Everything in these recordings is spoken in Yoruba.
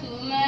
平安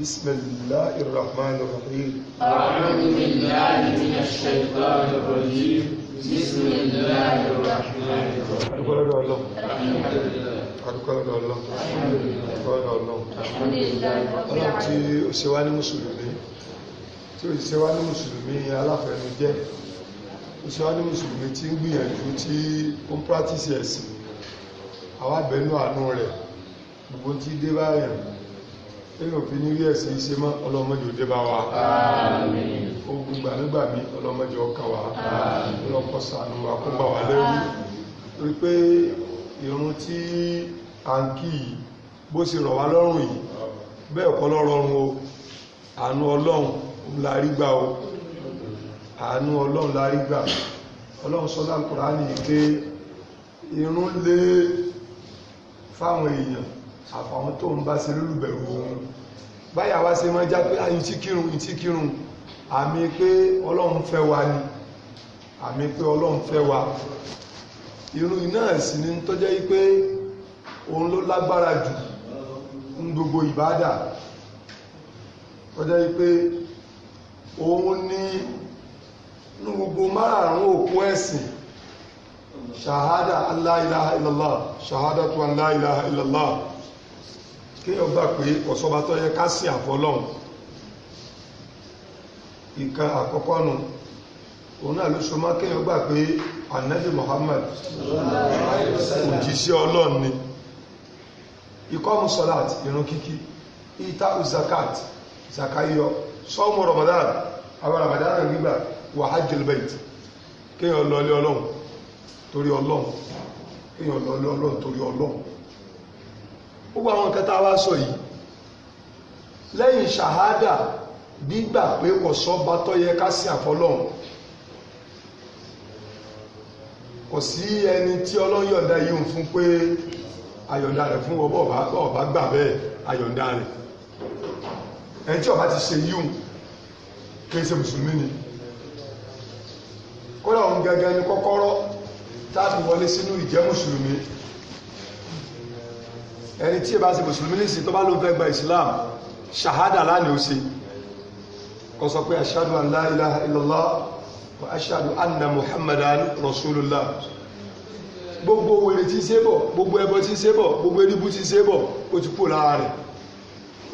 بسم الله الرحمن الرحيم أعوذ بالله من الشيطان الرجيم بسم الله الرحمن الرحيم أدخل الله أدخل الله أدخل الله Ọlọ́run tí ó ṣe wá ní Mùsùlùmí, tí ó ṣe wá ní Mùsùlùmí aláfẹnujẹ́, ó ṣe wá ní Mùsùlùmí tí ń gbìyànjú tí èyí ò fi ní rí ẹ̀sìn ṣe mọ́ ọlọ́mọdé òdé bá wa ogun gbàmígbà mi ọlọ́mọdé ọkàn wa ọlọ́pọ̀ sànù wa kó bá wa lẹ́rú rí pé irun tí a ń kí yìí bó ṣe rọ̀ wá lọ́rùn yìí bẹ́ẹ̀ kọ́ lọ́rọ̀rùn o àánú ọlọ́run la rí gbà o àánú ọlọ́run la rí gbà ọlọ́run sọ́lá Kùránì pé irun lé fáwọn èèyàn àfàwọn tó ń bá ṣe lólùbẹ̀rù òun báyà wá ṣe máa já pé ayin ah, tí kírun ayin tí kírun àmì pé ọlọ́run fẹ́ wa ni àmì pé ọlọ́run fẹ́ wa irun náà sì ni tó jẹ́ pé òun ló lágbára jù ń gbogbo ìbádà tó jẹ́ pé òun ní ní gbogbo márààrún òkú ẹ̀sìn ṣàhádà an la ilaha illallah ṣàhádà tó an la illallah kéèyàn gbà pé ọ̀sọ́ba tó yẹ ká sí àfọlọ́hun nǹkan àkọ́kọ́ nù òun náà ló so má kéèyàn gbà pé anabi Muhammad òjìṣẹ́ ọlọ́run ni ikọ́ musalat irun kíkí ita uzakat zakayọ sọ́mù Ramadan àwọn Ramadan gbígbà wà hajjil bait kéèyàn lọlé ọlọ́run torí ọlọ́run kéèyàn lọlé ọlọ́run torí ọlọ́run gbogbo àwọn nǹkan tá a wá sọ yìí lẹ́yìn ṣàhádà gbígbà pé kò sọ́ba tó yẹ ká sìn àfọlọ́hún kò sí ẹni tí ọlọ́run yọ̀ǹda yìí ń fún pé àyọ̀ǹda rẹ̀ fún ọba ọba gbà bẹ́ẹ̀ àyọ̀ǹda rẹ̀ ẹni tí ọba ti ṣe yíhùn kì í ṣe mùsùlùmí ni kódà òun gẹ́gẹ́ ni kọ́kọ́rọ́ tá a fi wọlé sínú ìjẹ́ mùsùlùmí ẹni tí ìbá ṣe mùsùlùmí nìsín tó bá ló ń fẹ́ gba islam ṣahada lánàá ó ṣe kó sọ pé ashadu an la ilaha illallah wa ashadu anna muhammadan rasulullah gbogbo wèrè tí ṣe bọ̀ gbogbo ẹbọ tí ṣe bọ̀ gbogbo eribu tí ṣe bọ̀ ó ti kú lára rẹ̀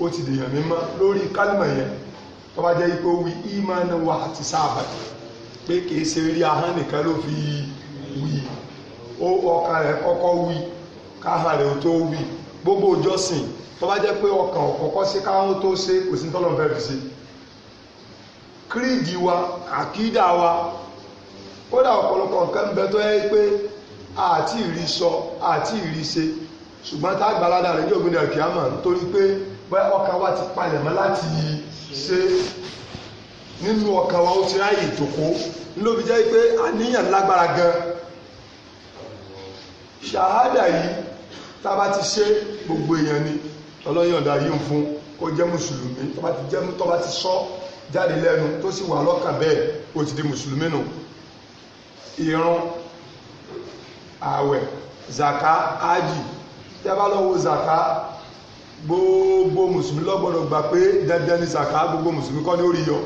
ó ti dèèyàn mímọ́ lórí kálímà yẹn tó bá jẹ́ ipò wí ìmánà àti sáàbà pé kìí ṣe rí ahọ́n nìkan ló fi wí ó ọkàn rẹ̀ kọ́kọ́ wí káhà rẹ̀ ó tó wí gbogbo ìjọsìn tó bá jẹ́ pé ọkàn ọ̀kọ̀ọ̀kọ́ sí káwọn tó ṣe kò sí tọ́lọ̀ fẹ́ fi ṣe kírìdì wa àkídà wa kódà ọ̀pọ̀lọpọ̀ nǹkan ń bẹ tó yẹ pé àti ìrí sọ àti ìrí ṣe ṣùgbọ́n tá àgbàládà rẹ̀ ní ògbìnrin àkíyàmọ̀ nítorí pé bẹ́ẹ̀ ọkàn wa ti palẹ̀ mọ́ láti ṣe nínú ọkàn wa ó ti ráyè ìtòkó lóbi jẹ́ pé àníyàn lágbára gan-an ṣàhádà yìí tá a bá ti ṣe gbogbo èèyàn ni ọlọ́yọ̀ǹda yìí ń fún kó jẹ́ mùsùlùmí tó bá ti jẹ́ tó bá ti sọ jáde lẹ́nu tó sì wà lọ́kàn bẹ́ẹ̀ ó ti di mùsùlùmí nù ìrun ààwẹ̀ zaka ájì tẹ́ bá lọ wo zaka gbogbo mùsùlùmí ló gbọ́dọ̀ gbà pé dandan ni zaka gbogbo mùsùlùmí kọ́ ní orí yọ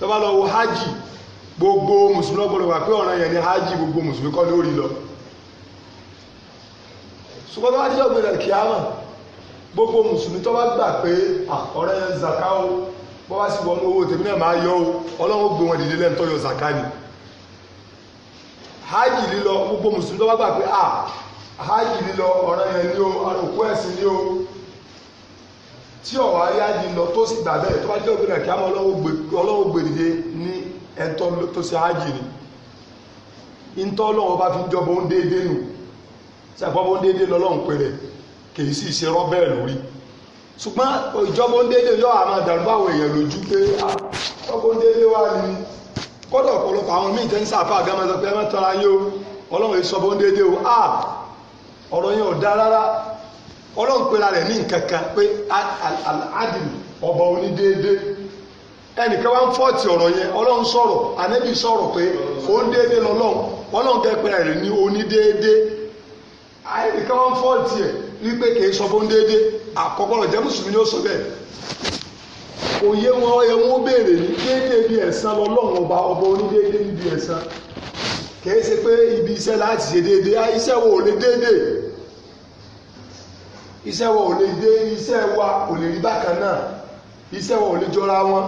tẹ́ bá hajj gbogbo mùsùlùmí ló gbà pé ọ̀ranyàn ni hajj gbogbo mùsùlùmí kọ́ ní orí lọ ṣùgbọ́n tó bá jẹ́ ògbìn àkíyàmà gbogbo mùsùlùmí tó bá gbà pé ọ̀rẹ́ zaka o bọ́ bá sì wọnú owó tèmi náà máa yọ o ọlọ́run gbé wọn dìde lẹ́nu tọ́yọ zaka ni hajj lílọ gbogbo mùsùlùmí tó bá gbà pé hajj lílọ ọ̀rẹ́ yẹn ní o àròkú ẹ̀sìn ní o tí ọ̀wọ́ ayájì lọ tó sì gbà bẹ́ẹ̀ tó bá jẹ́ ògbìn àkíyàmà ọlọ́run gbé dìde ní ẹ̀ńtọ́ tó ṣe hajj ni ìntọ́ ọlọ́run bá fi jọba ó ń déédéé nù ṣàpọ̀bọ̀ déédéé lọ́lọ́run pèrè kìí sì ṣe rọ́bẹ̀ lórí ṣùgbọ́n ìjọba ń déédéé yọ àmọ́ dàrú báwọn èèyàn lójú pé ìjọba ń déédéé wà ní kódà ọ̀pọ̀lọpọ̀ àwọn míì tẹ́ ń sàfà gama sọ pé ẹ mẹ́tọ́ra yín o ọlọ́run èso bó ń déédéé o a ọ̀rọ̀ yẹn ò dáa rárá ọlọ́run pera rẹ̀ ní nǹkan kan pé adìl ọba onídéédéé ẹnìkan wá ń fọ́ọ̀tì ọ̀rọ̀ yẹn ọlọ́run sọ̀rọ̀ ànẹ́bí sọ̀rọ̀ pé ó ń déédéé lọ́lọ́run ọlọ́run kẹ́ pera rẹ̀ ní onídéédéé àìríkà wọn fọ́ọ̀tì ẹ̀ wípé kì í sọ fún déédé àkọ́kọ́ lọ jẹ́ mùsùlùmí ó sọ bẹ́ẹ̀ òye wọn ẹ wọn béèrè ní déédé bí ẹ̀san lọ́lọ́run ọba ọba onídéédé níbi ẹ̀san kì í ṣe pé ibi iṣẹ́ láti ṣe déédé iṣẹ́ wo ò lè déédé iṣẹ́ wa ò lè dé iṣẹ́ wa ò lè rí bákan náà iṣẹ́ wa ò lè jọra wọn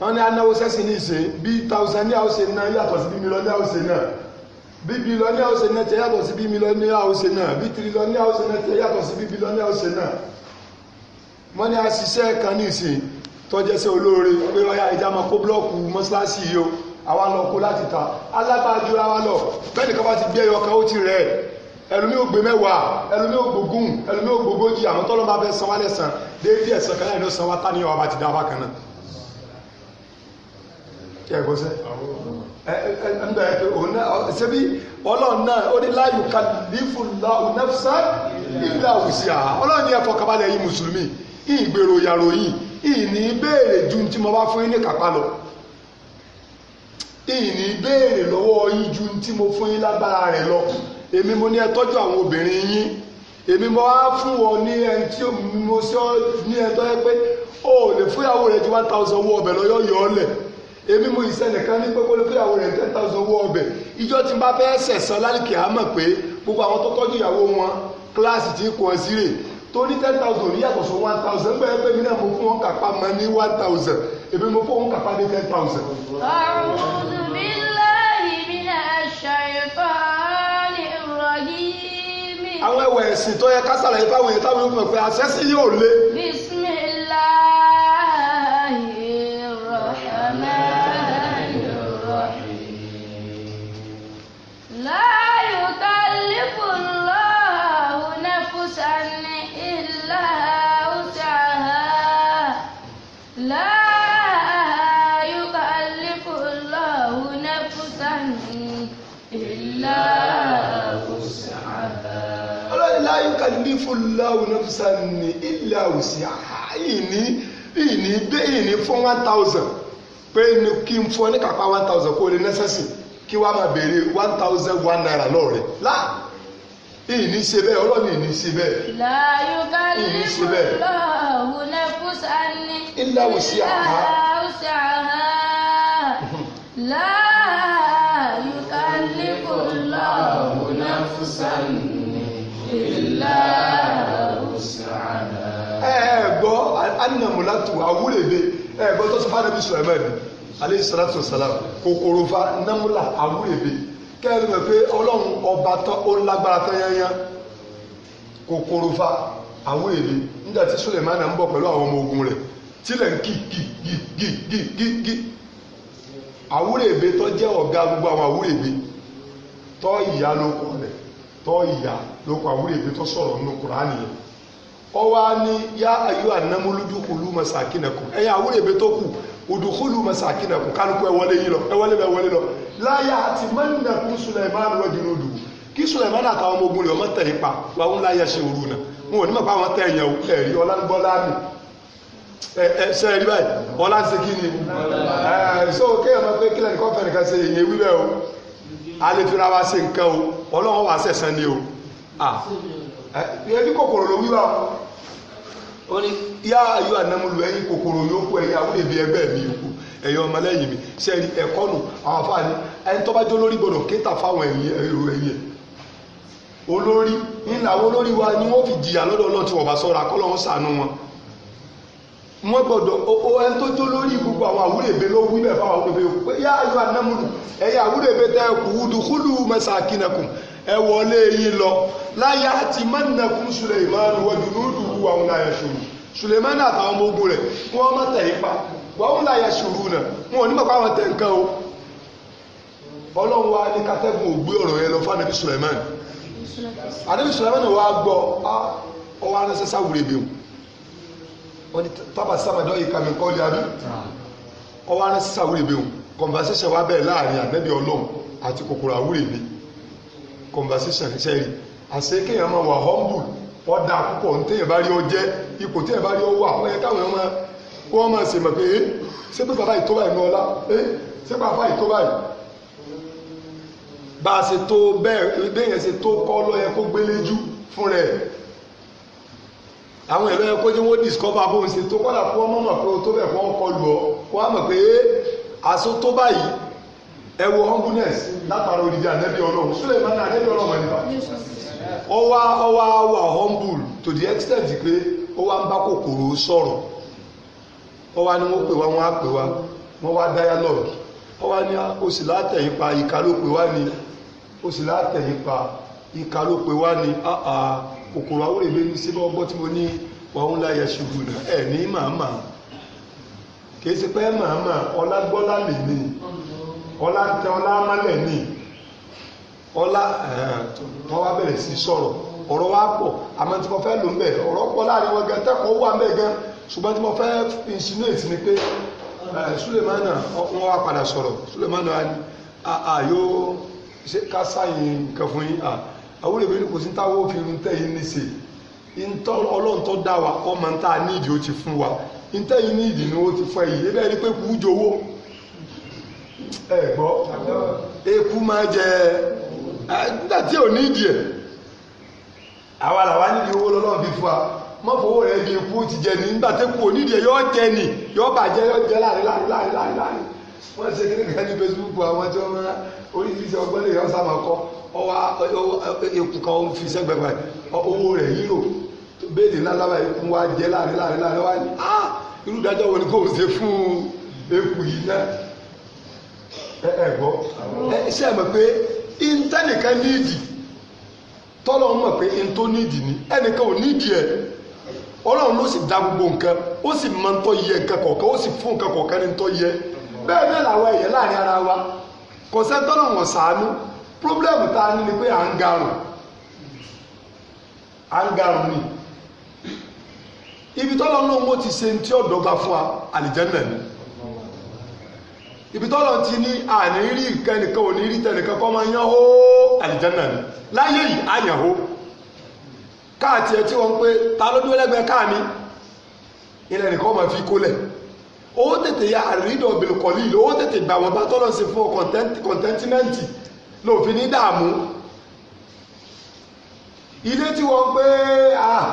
wọn ní anáwó sẹ́sìn ní ìṣe bí tàùsàn ní àwòṣe náà yàtọ̀ sí bí mílíọ̀nù àwòṣe náà bí bilọ́ní àwòṣe náà tẹ yàtọ̀ sí bí milọ́ní àwòṣe náà bí tirilọ́ní àwòṣe náà tẹ yàtọ̀ sí bí bilọ́ní àwòṣe náà wọ́n ní aṣiṣẹ́ kan ní ìsìn tọ́jẹ́sẹ́ olóore pé ọya ìjà kó búlọ́ọ̀kù mọ́ṣáláṣí yìí o àwa lọ kó láti ta alágbájú ra wa lọ bẹ́ẹ̀ nìkan bá ti gbé ẹyọ kan ó ti rẹ̀ ẹlòmí ògbé mẹ́wàá ẹlòmí ògbógún ẹlòmí ògbógójì àwọn tọ́lọ́ máa fẹ́ san wá lẹ́sàn déédéé ẹ̀sán kan láì ní ó san wá tá ní ọba ti dá wá kan náà. kí ẹ ẹgbẹ́ òun náà ṣebí ọlọ́run náà ó ní láàyò kàlífù láwù nẹ́fṣà ìlà òsì àhá ọlọ́run ní ẹ̀fọ́ kabalẹ̀ yìí mùsùlùmí ìgbèrò yàròyìn ìní béèrè ju tí mo bá fún yín ní kápá lọ ìní béèrè lọ́wọ́ yín ju tí mo fún yín lágbára rẹ̀ lọ èmi mo ní ẹ tọ́jú àwọn obìnrin yín èmi mo wá fún wọn ní ẹni tí mo sọ ní ẹ tọ́ yẹ pé o ò lè fúyàwó rẹ ju one thousand owó ọbẹ̀ lọ́yọ́ yọ ọ́ lẹ̀ èmi mo ìsẹnìkan ní pẹ́kọ́lé fún ìyàwó rẹ̀ ten thousand owó ọbẹ̀ ìjọ tí bá fẹ́ sẹ̀sán lálùkì àmọ̀ pé gbogbo àwọn tó tọ́jú ìyàwó wọn kíláàsì tí kò sí rè tó ní ten thousand ní sọ one thousand gbẹ́yẹ́ pé mi náà mo fún wọn kápá mọ́ ní one thousand èmi mo fún wọn kápá ní ten thousand. àwọn ẹwà ẹ̀sìn tó yẹ kásàlàyé báwọn yẹn táwọn yóò pè pé yóò lé. bísí láwù nọ́fíìsà ni ilẹ̀ àwòsí ìní ìní dé ìní fún one thousand pé kí n fún ọ ní kápá one thousand kó o lè nẹ́sẹ̀sì kí wàá máa béèrè one thousand one naira lọ́ọ̀rẹ́ láà ìní ṣe bẹ́ẹ̀ ọlọ́ọ̀ni ìní ṣe bẹ́ẹ̀. láyò ká lè mú lọ́ọ̀hún nẹ́fúsà ní ilẹ̀ àwòsí àhá. ilẹ̀ àwòsí àhá. láti awúrèbe ẹ gbọ́ sọ emebi anabi sulaiman aleyhi salatu salam kòkòrò fa námúlà awúrèbe kẹ́rin mọ̀ pé ọlọ́run ọba tán ó lágbára tán yányán kòkòrò fa pẹlụ nígbà ọmọ ogun rẹ̀ tílẹ̀ ọ wá ní yá ayú ànámúlójú kùlú masakinakum ẹ̀yà àwúrẹ̀ ìbẹ́ tó kù udukulu masakinakum kálukú ẹ wọlé yín lọ ẹ wọlé bẹ wọlé lọ láyà àti mẹ́nìnàkú Sulaiman rọ́jìnú dùn kí Sulaiman àtàwọn ọmọ ogun rẹ̀ ọmọ tẹ̀ ipa wàhùn láyà ṣe òru náà wọn ò ní mọ̀pá àwọn tẹ̀ ẹ̀yàn ẹ̀rí ọlánbọ́lá mi ṣe ẹ̀rí báyìí ọlá ṣe kí ni so kéèyàn máa pé kílẹ̀ nìkan fẹ́nìkan ṣe èyí wíwẹ̀ ẹ ní kòkòrò ló wíwá ó ní yá ayọ ànámúlù ẹyin kòkòrò yòókù ẹyin àwọn èmi ẹgbẹ́ mi yòókù ẹyin ọmọlẹ́yìn mi sẹni ẹkọ nù àwọn afáàní ẹni tó bá jó lórí gbọ́dọ̀ kéta fáwọn ẹyin ẹrù ẹyin olórí ńlá olórí wa ni wọn fi jìyà lọ́dọ̀ Ọlọ́run tí wọn bá ṣọ́ra kọlọ ń sànú wọn wọ́n gbọ́dọ̀ o ẹni tó jó lórí gbogbo àwọn àwúrẹ̀bẹ ló wí bẹ́ẹ̀ fáwọn àwúrẹ̀bẹ yá ayọ̀ ànámúlù ẹ̀yà àwúrẹ̀bẹ tẹ́ ẹ wọlé yín lọ láyà àti mọ́nàkún Suleiman wọ́jú lóòdùkú àwọn àyàṣòro Suleiman àtàwọn ọmọ ogun rẹ̀ wọ́n mọ́ tẹ̀ ipa wọ́n láyà ṣòro náà wọn ní mọ̀pá àwọn tẹ̀ o ọlọ́run wa ní kátẹ́gùn ògbé ọ̀rọ̀ yẹn lọ fún àdébí Suleiman àdébí Suleiman wa gbọ́ ọwọ́ aránṣẹ́ sáwùrẹ́ bẹ́ẹ̀ wọ́n ní tábà sábàjọ́ ìkàmì kọ́lé àbí ọwọ́ aránṣẹ́ sáwùrẹ́ bẹ́ẹ̀ conversation wa bẹ́ẹ̀ láàrin àdébí ọlọ́run àti kòkòrò àwúrẹ́ bẹ́ẹ̀ conversation ní sẹ́yìn àṣẹ kéèyàn máa wà humble wọ́n dáa púpọ̀ ní téèyàn bá rí ọ jẹ́ ipò téèyàn bá rí ọ wà wọ́n yẹ káwọn èèyàn máa wọ́n máa ṣe mọ̀ pé ẹ́ eh, ṣé pé bàbá ìtọ́ báyìí ní ọlá ẹ́ eh, ṣé bàbá ìtọ́ báyìí bá a ṣe tó bẹ́ẹ̀ béèyàn ṣe tó kọ́ ló yẹ kó gbéléjú fún rẹ̀ àwọn ìlú kó jẹ́ wọ́n discover bó ṣe tó kọ́dà fún mọ̀ pé o tó bẹ̀ fún ọkọ lù ọ kó mọ̀ pé ẹ́ eh, àṣọ tó báyìí ewu wo humbleness látara odidi ànẹ́bí ọlọ́run Suleiman ànẹ́bí ọlọ́run ẹ̀ nípa ó wá humble to the extent pé ó wá kòkòrò sọrọ ó wá ní pè wá wọ́n pè wá wọ́n wá dialogue ó wá ní oṣù pa ìka ló pè wá pa ìka ló pè wá ni kòkòrò ní tí mo ní láyẹ ṣubú ọlá tẹ ọlá mọ́lẹ̀ ní ọlá eh, wọ́n wá bẹ̀rẹ̀ sí sọ̀rọ̀ ọ̀rọ̀ wá pọ̀ àmọ́ tí mo fẹ́ lò ń bẹ̀ ọ̀rọ̀ pọ̀ láàrin wọn gan tẹ́kọ̀ọ́ wà ń bẹ̀ gan ṣùgbọ́n tí mo fẹ́ insinuate ni pé eh, Sulemana wọ́n wá padà sọ̀rọ̀ Sulemana àyò ṣe ká sáyìn nǹkan fún yín àwọn èèyàn ní kò sí táwọn òfin irun tẹ́ yín níṣe ọlọ́run tó dá wa ọmọ ń ta nídìí ó ti fún wa ń tẹ́yìn nídìí ni ó ti fún ẹ̀yìn ebẹ́ rí pé kù jowó ẹgbọ gbọ́ ma jẹ nígbà tí ò ní ìdí ẹ̀ àwa làwa nídìí owó lọ́lọ́run fi fún ti jẹ ni jẹ jẹ láàrin láàrin láàrin láàrin láàrin wọn ṣe ní ẹ̀gbọ́ ṣe é pé ìntẹ́nìkan nídìí n'idi mọ̀ pé ìntó nídìí ni ẹnìkan ò nídìí ẹ ọlọ́run ló sì dá gbogbo nǹkan ó sì mọ ń tọ́ yẹ nǹkan kọ̀ọ̀kan ó sì fún nǹkan kọ̀ọ̀kan ní ń yẹ làwọn ẹ̀yẹ láàrin ara wa kò sẹ́ńtọ́nà wọ̀n sàánú pírọ́blẹ́mù tá a ní ni pé à ń garùn à ń garùn ni ibi tọ́lọ́run ló ti ṣe ń tí fún wa náà ni. ibi tọ́lọ̀ ti ní àní rí nǹkan nìkan ò ní rí tẹnìkan kọ́ máa yán ó àlìjánà ni láyé yìí àyàn ó káàtì tí wọ́n pé ta ló dúró lẹ́gbẹ̀ẹ́ káà ilẹ̀ nìkan máa fi kólẹ̀ ó tètè ya àrídọ̀ bìlùkọ̀lì ló ó tètè gbà wọ́n bá tọ́lọ̀ sí fún ọ kọ̀ǹtẹ́ntìmẹ́ǹtì lòfin ní dààmú ilé tí wọ́n ń pé à ah,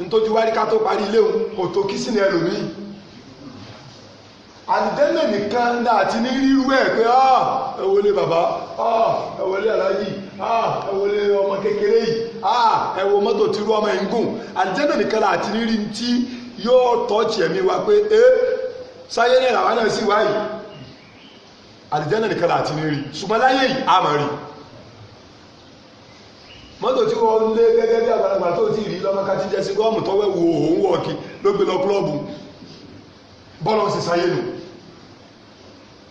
ń tójú wárí ká tó parí ilé òun kò tó kí sí ni ẹlòmíì àdìjẹ́nà nìkan láti ní rírú ẹ̀ pé ah, ẹ wọlé bàbá ah, ẹ wọlé aláàjì ah, ẹ wọlé ọmọ kékeré yìí ẹ wọ mọ́tò tí irú ọmọ yìí ń gùn àdìjẹ́nà nìkan láti ní rí tí yóò tọ́ọ̀tì ẹ̀mí wa pé ẹ sáyé ní ìlànà náà sì wáyìí àdìjẹ́nà nìkan láti ní rí ṣùgbọ́n láyé yìí a máa rí mọ́tò tí wọ́n lé gẹ́gẹ́ bí àgbàlagbà tó ti rí lọ́mọ ká ti jẹ́ sí gọ́ọ̀mù tọ́wẹ́ wo òun wọ̀ọ̀kì ló gbé lọ kúlọ́ọ̀bù bọ́ọ̀lù sì sáyé nù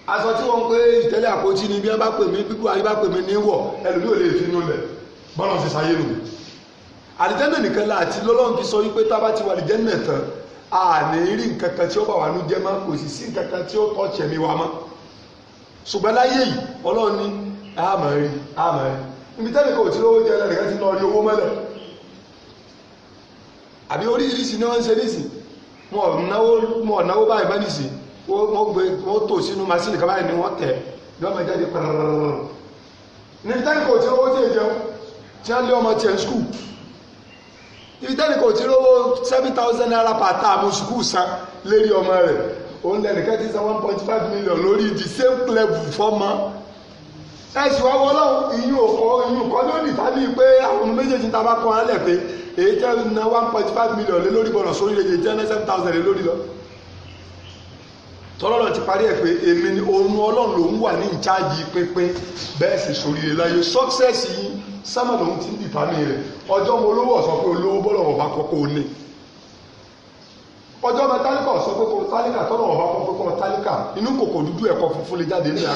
aṣọ tí wọ́n ń pé ìtẹ́lẹ̀ àpótí ni bí wọ́n bá pè mí bí buhari bá pè mí ò lè fi inú lẹ̀ sáyé nù. àlìjẹ́nà nìkan lọ́lọ́run sọ wípé ti wà àlìjẹ́nà tán a ní rí nǹkan kan tí ó bà wà sí nǹkan kan tí ó tọ́ tẹ̀mí wa mọ́. ṣùgbọ́n láyé yìí ọlọ́run ní àmọ́ rí àmọ́ rí ibi tẹ́lẹ̀ wọ́n gbé wọ́n tò sínú masínì kan báyìí ni wọ́n tẹ̀ yọ́ máa jáde pẹ̀rẹ̀rẹ̀rẹ̀ níbi tẹ́nìkò tí owó tí èjẹun tí wọ́n lé ọmọ tiẹ̀ ń skul ibi tẹ́nìkò tí owó seven thousand naira per term skul san lérí ọmọ rẹ̀ òun lẹ́nìkan ti san one point five million lórí the same level fọ́mọ ẹ̀sùn ọwọ́ náà ìyún òkọ́ ìyún òkọ́ ló ní ìtàbí pé àwọn méjèèjì ta bá kọ́ ọ́n lẹ̀ pé èyí tẹ́ na one point five million lé lórí bọ̀rọ̀ sórí lè jẹ́ seven thousand lé lórí lọ. tọ́lọ́lọ́ ti parí ẹ̀ pé èmi ni oorun ọlọ́run lòún wà ní ìjáàjì pínpín bẹ́ẹ̀ sì sòríire láyé success yìí sámà lòún ti ń dìtàmì rẹ̀ ọjọ́ mo lówó ọ̀sọ́ pé olówó bọ́lọ̀ ọ̀bá kọ́kọ́ ọjọ́ tálíkà pé kọ́ tálíkà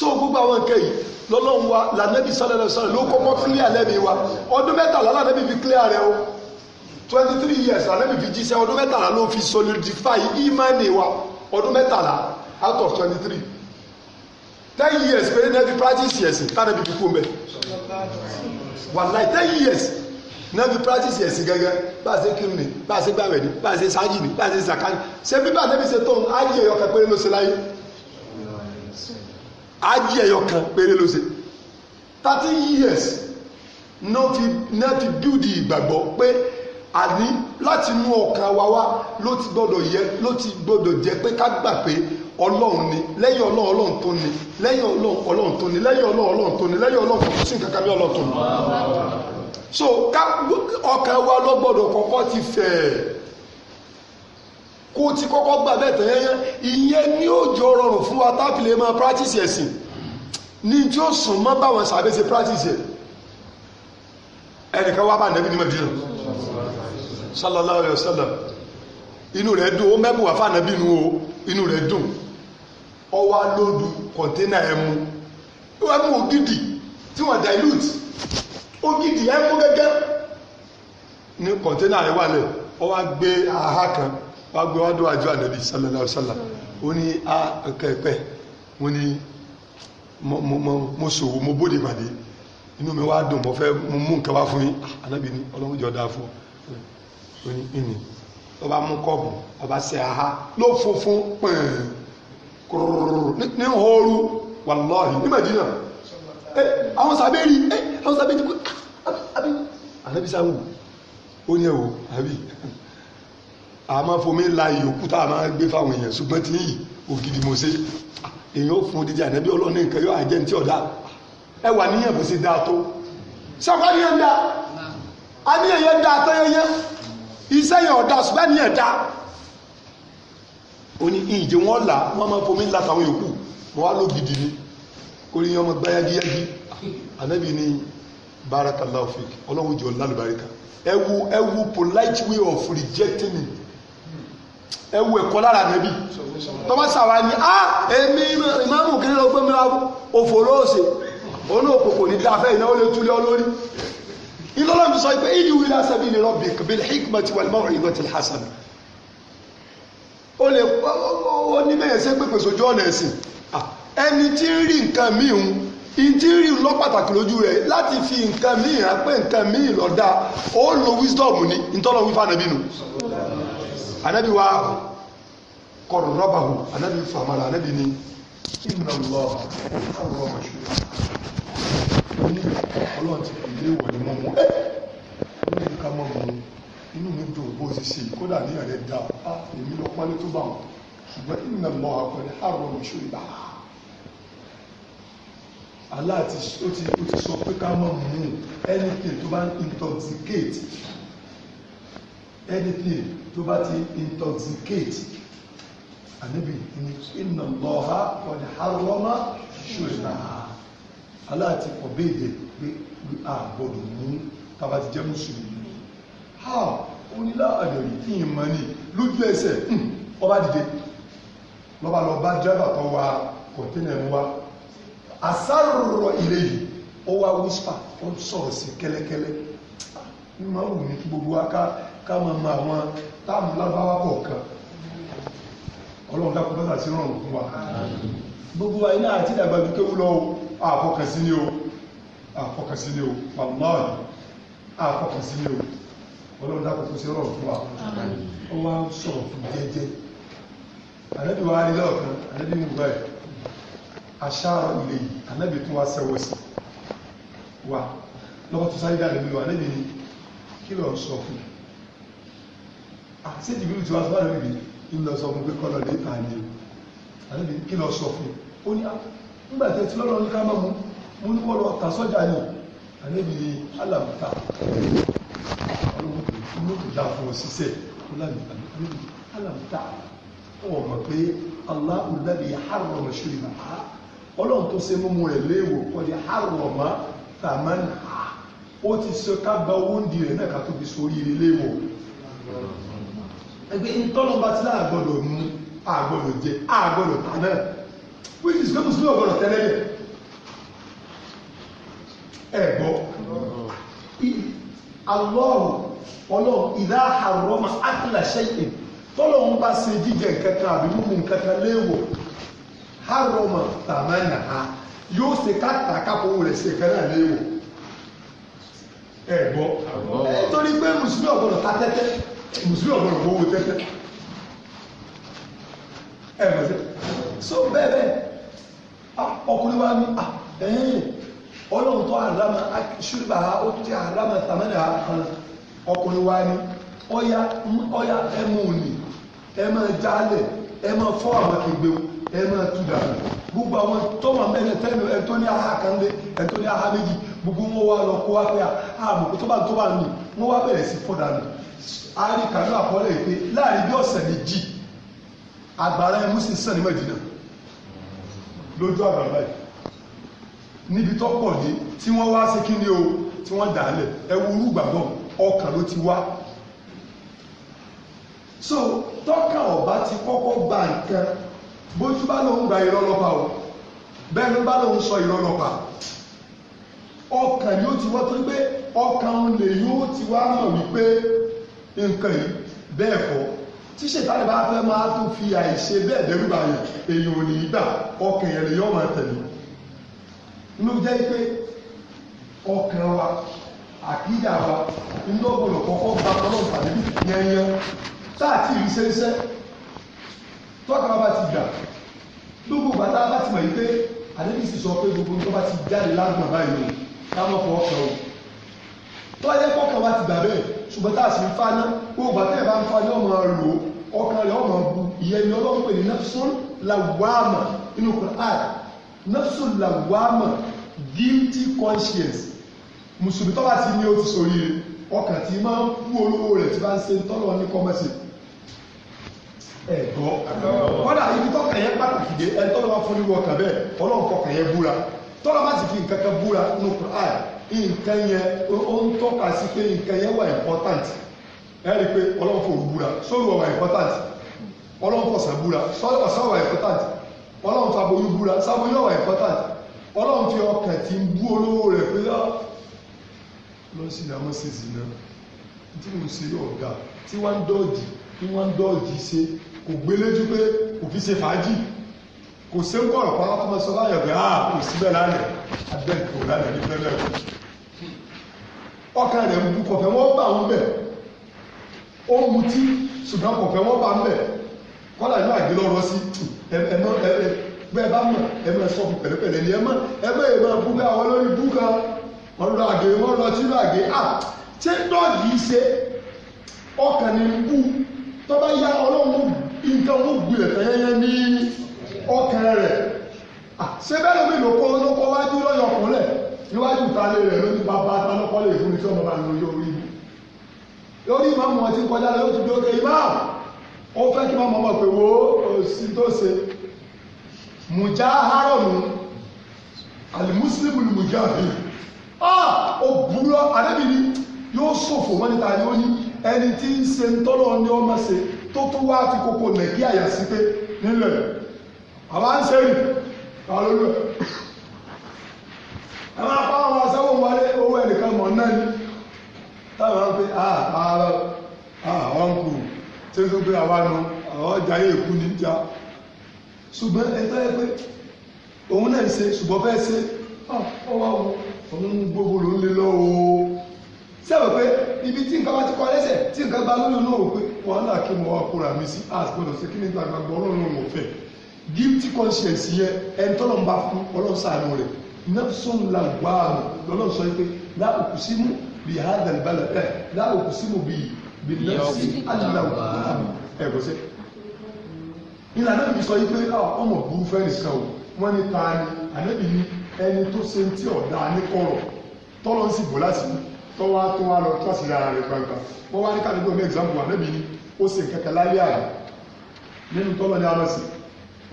so gbogbo àwọn nǹkan yìí lọ́lọ́run wa ló kọ́kọ́ fúlẹ̀ àlẹ́bí wa ọdún mẹ́tàlá fi twenty three years ànábì fi jíṣẹ́ ọdún mẹ́tàlá ló fi solidify imani wa ọdún mẹ́tàlá out of twenty three ten years pé náà fi practice ẹ̀sìn tánàbí fi kú mẹ́ wàláì ten years náà fi practice ẹ̀sìn gẹ́gẹ́ bá a ṣe kírun ni bá a ṣe gbàwẹ̀ ni bá a ṣe ṣáájì ni bá a ṣe ṣàkánì ṣé bíbá ànábì ṣe tóun ájì ẹ̀yọ kan péré ló ṣe láyé ájì ẹ̀yọ péré ló ṣe thirty years náà fi build ìgbàgbọ́ pé àní láti mú ọkàn wa wá ló ti gbọ́dọ̀ yẹ ló ti gbọ́dọ̀ jẹ́ pé ká gbà pé ọlọ́run ni lẹ́yìn ọlọ́run ọlọ́run tó ni lẹ́yìn ọlọ́run ọlọ́run tó ni lẹ́yìn ọlọ́run ọlọ́run tó ni lẹ́yìn ọlọ́run kò sí nǹkan kan bí ọlọ́run tó ni. so ká ọkàn wa ló gbọ́dọ̀ kọ́kọ́ ti fẹ̀ kó ti kọ́kọ́ gbà bẹ́ẹ̀ tẹ̀ yẹn ìyẹn ní òjò rọrùn fún wa tá a fi lè máa practice ẹ̀sìn ní tí ó sùn mọ́ báwọn sàbẹ̀ practice ẹ̀ ẹnìkan wá bá nàbí ní mẹ́bí rẹ̀ sallallahu alayhi wa sallam inú rẹ̀ dùn ó mẹ́bùn wá fànàbí nu o inú o dùn ó wá lóòdù o ẹmu ẹmu ògidì tí wọ́n dilute ògidì ẹmu gẹ́gẹ́ ní kọ̀ńténà rẹ̀ wà lẹ̀ ó wá gbé aha kan wá gbé wá dùn àjọ ànàbí sallallahu alayhi wa sallam ó ní a ah, kẹ̀kẹ́ wọ́n ní mo sòwò mo body pàdé inú mi wá dùn mo fẹ́ mo mú nǹkan wá fún yín anábì ah, ní ọlọ́run jọ dáa fún ọ ní ìní ọba mú kọ́ọ̀bù ọba ṣe aha ló funfun pẹ̀ẹ́n ní ooru wàlọ́ọ̀hìn ní màdínà àwọn sàbẹ̀ rí àwọn sàbẹ̀ ti kú àbí ah, ànábì sáwù ó ní ẹ̀wò àbí a máa fomi la ìyókù tá a máa gbé fáwọn èèyàn ṣùgbọ́n tí yìí ògidì mọ̀ ṣe ah, èèyàn ó fún odidi ànábì ọlọ́ọ̀ni ẹ wà níyàn bó ṣe dáa tó sọ́kọ́ níyàn dáa àníyàn yẹn dáa tó yẹn yẹn iṣẹ́ yẹn ọ̀dà ṣùgbọ́n níyàn dáa ó ní ìjẹ wọn là wọn máa fomi ńlá táwọn yòókù mọ wá ló gidi ni kó ní ọmọ gbá yagiyagi ànábì ni barakallahu fik ọlọ́run jọ lálùbáríkà ẹ wo polite way of rejecting it ẹwù ẹ̀kọ́ lára nẹ́bí tọ́mọ́sàwá ni Ah, èmi ìmáàmù kiri lọ gbẹ́mí wa òfòlóòsè òun ò kòkò ní dáfẹ́ ìnáwó lè túlẹ̀ olórí ìlọ́lọ́ mi sọ pé ìdí wílá sẹ́bi ní rọ́bì bil hikmati wal maw'izati al hasana o lè ó ní bẹ́ẹ̀ ṣe pé pèsè ojú ọ̀nà ẹ̀sìn ẹni tí ń rí nǹkan míì ń ìdí rí lọ pàtàkì lójú rẹ̀ láti fi nǹkan míì hàn nǹkan míì lọ ó lo wisdom ní ìtọ́lọ̀ wífà ànábì nù ànábì wa kọ̀rọ̀ rọ́bà hù ànábì fàmàlà ànábì ní ìmùnà lọ́wọ́ àwọn ọmọ ìṣúra ní ọlọ́run ti fi ilé ìwọ̀ ní mọ́mọ́ ẹ́ ní ká mọ́ inú mi dùn bó ti ṣe kódà ní ẹ̀rẹ́ da á èmi lọ pálí tó bá wọn ṣùgbọ́n ìnà mọ́ àpẹẹrẹ àrùn ọmọ ìṣó ìbá Allah ti ó ti ó ti sọ pé ká mọ́ mu anything tó bá ń intoxicate anything tó bá ti intoxicate àníbi ìnà mọ́ àpẹẹrẹ àrùn ọmọ ìṣó ìbá aláàtí pọ̀ béèdè pé àgbọ̀dọ̀ mú tàbá ti jẹ́ mùsùlùmí ha oníláàdẹ̀rì tí ì mọ́ ní lójú ẹsẹ̀ ọba dìde lọ́ba lọ bá dẹ́bà tó wa kọ̀tẹ́nà ń wá àsáròrò ilé yìí ó wá wíṣpà ó sọ̀rọ̀ sí kẹ́lẹ́kẹ́lẹ́ ní máa wù ní kí gbogbo wa ká máa ma àwọn táàmù lábáwá kọ̀ọ̀kan ọlọ́run dákun bá sí rọrùn fún wa gbogbo wa iná àti ìdàgbàjú kéwú lọ́wọ́ àfọkànsí ni o àfọkànsí ni o pàlọ́ọ̀dì àfọkànsí ni o ọlọ́run dákò tó ṣe rọrùn fún wa ó wá ń sọ̀rọ̀ fún jẹ́jẹ́ ànábì wa rí lọ́ọ̀kan ànábì mú báyìí aṣáára ilé yìí ànábì tún wá sẹ́wọ́ sí wa lọ́wọ́ tó sáré dáadé mílò ànábì ni kí lọ́ọ̀ sọ fún àti ìdìbò tí wọ́n sọ fún ànábì ń lọ sọ fún pé kọ́lọ̀ dé tà ní o ànábì kí lọ́ọ̀ sọ fún ó ní ah, nígbà tí etí lọ́lọ́ ní ká máa mú mú ní wọ́n lọ ta sọ́jà ní àlébi alàmúta olóògùn tó dáa fún ṣiṣẹ́ alàmúta wọ́n mọ̀ pé aláhùlẹ́bí harrọ̀mọ̀ ṣúrì máa ọlọ́run tó ṣe mímú rẹ̀ léèwọ̀ kọ́ni harrọ̀mọ̀ tàmánà ó ti sọ ká gba owó ń di rẹ̀ náà ká tó fi sórí ilé léèwọ̀ ẹgbẹ́ ìtọ́lọ́ba tí láàgbọ́dọ̀ mú àgbọ́dọ̀ jẹ àgbọ́dọ̀ tà náà wíìlì ìsìlámù sílẹ̀ ọ̀gbọ̀nà tẹ́lẹ̀ yẹ ẹ̀ gbọ́ alọ́ọ̀rù ọlọ́ọ̀rù ìdá àrọ́mà àtìlà ṣẹ́yìn tọ́lọ́run bá ṣe jíjẹ kankan àbí mímu kankan léèwọ̀ àrọ́mà tàmánà ha yóò ṣe káàkiri kápòwò rẹ̀ ṣe kan náà léèwọ̀ ẹ̀ gbọ́ nítorí pé mùsùlùmí ọ̀gbọ̀nà ta tẹ́tẹ́ mùsùlùmí ọ̀gbọ̀nà gbowó tẹ́tẹ́ ẹ̀ bọ̀ sí so bẹ́ẹ̀ bẹ́ẹ̀ ọkùnrin wa ní ah, ẹ̀yìn ọlọ́run tó àrámà ṣùgbà ó ti àrámà tàmẹ́lẹ̀ kan ọkùnrin wa ní ọya ọya ẹmọ òní ẹmọ jálẹ̀ ẹmọ fọ́ àwọn kìgbé ẹmọ túdà gbogbo àwọn tó wà mẹ́rin tẹ́lẹ̀ ẹ̀tọ́ ní aha kan lé ẹ̀tọ́ ní aha méjì gbogbo wọn wá lọ kó wá pé àbùkù ah, tó bá tó bá nù wọn wá bẹ̀rẹ̀ sí fọ́dà nù àárín kọ́lẹ̀ pé láàrin bí ọ̀sẹ̀ méjì àgbàrá ẹmú sì sàn ní Mẹ́dínà lójú àgbàlá yìí níbi tó pọ̀ dé tí wọ́n wá sí kí ni o tí wọ́n dà á lẹ̀ ẹ wo ọkàn ló ti wá so tọ́ka ọ̀bá ti kọ́kọ́ gba nǹkan bójú bá lòun gba ìrọ́lọ́pàá o bẹ́ẹ̀ ló bá lòun sọ ìrọ́lọ́pàá ọkàn yóò ti wá tó pé ọkàn lè yóò ti wá mọ̀ wípé nǹkan yìí bẹ́ẹ̀ kọ́ tí ṣètàlẹ̀ bá fẹ́ máa tún fi àìṣe bẹ́ẹ̀ dẹ́rù báyìí èèyàn ò ní gbà ọkàn yẹn lè yọ ọmọ tẹ̀lé inú jẹ́ pé ọkàn wa àkídà wa inú ọgbọ̀nà kọ́kọ́ gba ọlọ́run tàbí yẹnyẹn táà tí ì ṣeéṣẹ́ tọ́ka bá ti gbà gbogbo bàtà bá ti mọ̀ yìí pé àdébísì sọ pé gbogbo tó bá ti jáde lágbọ̀n báyìí ká mọ̀ fọ́ ọkàn o tó wáyé kọ́kàn wá ti gbà bẹ́ẹ̀ ṣùgbọ́n tá a sì ń fa ná gbogbo àtẹ́yẹ̀ bá ń fa yóò máa lò ó ọkàn rẹ̀ ọmọ bu ìyẹn ni ọlọ́run pè ní nafsun lawama inú Quran nafsun lawama guilty conscience mùsùlùmí tó bá ti ní o ti sòríire ọkàn tí máa ń kú olówó rẹ̀ tí bá ń ṣe tọ́lọ̀ ní kọ́mẹ́sì ẹ̀gọ́ kọ́dà ibi tọ́kàn yẹn pàtàkì dé ẹ̀ tọ́lọ́ bá fún ní wọ́ọ̀kàn bẹ́ẹ̀ ọlọ́run kọkàn yẹn búra tọ́lọ́ bá sì fi nǹkan kan búra nínú Quran nǹkan yẹn ó ń tọ́ka sí pé nǹkan yẹn wà important ẹ rí i pé ọlọ́run fò búra sórí ọ̀wà important ọlọ́run fò sàn búra ọ̀sán ọ̀wà important ọlọ́run fò aboyún búra sáboyún ọ̀wà important ọlọ́run fi ọkàn tí ń bú olówó rẹ̀ pé ah! lọ sí ìyàwó ṣe zìnà tí mo ṣe ọ̀gá tí wọ́n ń dọ́ọ̀jì tí wọ́n ń dọ́ọ̀jì ṣe kò gbéléjú pé kò fi ṣe fàájì kò sí ń bọ̀rọ̀ pàápàá sọ láyọ̀ pé ah kò síbẹ̀ lánàá abẹ́ ìkòwò lánàá ní fẹ́lẹ́ rẹ̀ ọkàn rẹ̀ ń bu kọ̀fẹ́ wọ́n bá wọn bẹ̀ ó ń mutí ṣùgbọ́n kọ̀fẹ́ wọ́n bá ń bẹ̀ kọ́lá inú àgbélé ọ̀rọ̀ sí ẹ̀mọ́ bẹ́ẹ̀ bá mọ̀ ẹ máa sọ fún pẹ̀lẹ́pẹ̀lẹ́ ni ẹ má ẹ má yẹ máa búkà wọn lórí búkà wọn lọ àgbè wọn lọ sí àgbè à ṣé dọ́ọ̀gì ṣe ọkàn ní bú tó bá yá ọlọ́run nǹkan ó gbilẹ̀ fẹ́yẹ́yẹ́ ní ọkàn rẹ̀ ṣé bẹ́ẹ̀ lómi ló kọ́ ló kọ́ wájú níwájú ìtàlẹ̀ rẹ̀ ló ní bàbá atanọ́kọ́ lè fún mi tí ọmọ bá ń lo yóò rí mi lórí ìmáàmù ọtí kọjá lọ yóò ti dókè ìmáàmù ó fẹ́ kí máàmù ọmọ pé wo òsì tó ṣe mùjá hárọ̀mù alimusilimu ni mùjá bì ah ó burú àdébìnrin yóò ṣòfò wọ́n níta ni ó ní ẹni tí ń ṣe ń tọ́lọ̀ ní ọmọ ṣe tó tó wá ti kókó nàìjíríà yà sí pé nílẹ̀ àbá ń ṣe rìn kàlórí náà ni táwọn á pé ah, ah, àwọn kù tí ó tún pé àwa nu àwọn ọjà yìí kú níjà ṣùgbọ́n ẹ tọ́ ẹ pé òun náà ṣe ṣùgbọ́n fẹ́ ṣe ọwọ́ ah, òun gbogbo ló ń lé lọ o sẹ́wọ̀n pé ibi tí nǹkan bá ti kọ́ lẹ́sẹ̀ tí nǹkan bá lóyún náà wò pé wàhálà kí mo wá kóra mi sí àgbọ̀dọ̀ sí kí ní gbàgbà ọlọ́run ò fẹ́ guilty conscience yẹ ẹni tọ́lọ́ ń bá fún ọlọ́sàánú rẹ̀ nefson làgbáàmù lọ́lọ́sọ pé لا أقسم بهذا البلد لا أقسم بالنفس اللوامة ẹ kò sí. ilé anábì sọ yí pé ọmọ burú fẹ́ nìkan o wọ́n ní ta ni anábì ní ẹni tó ṣe ń tí ọ̀dà níkọ̀rọ̀ tọ́lọ́ sì bò láti tọ́wá tó wá lọ tó àṣírí ara rẹ̀ gbangba wọ́n wá ní kàdúgbò ní ẹ̀gbáǹpù anábì ní ó ṣe kẹkẹ láyé àrà nínú tọ́lọ́ ní ara sí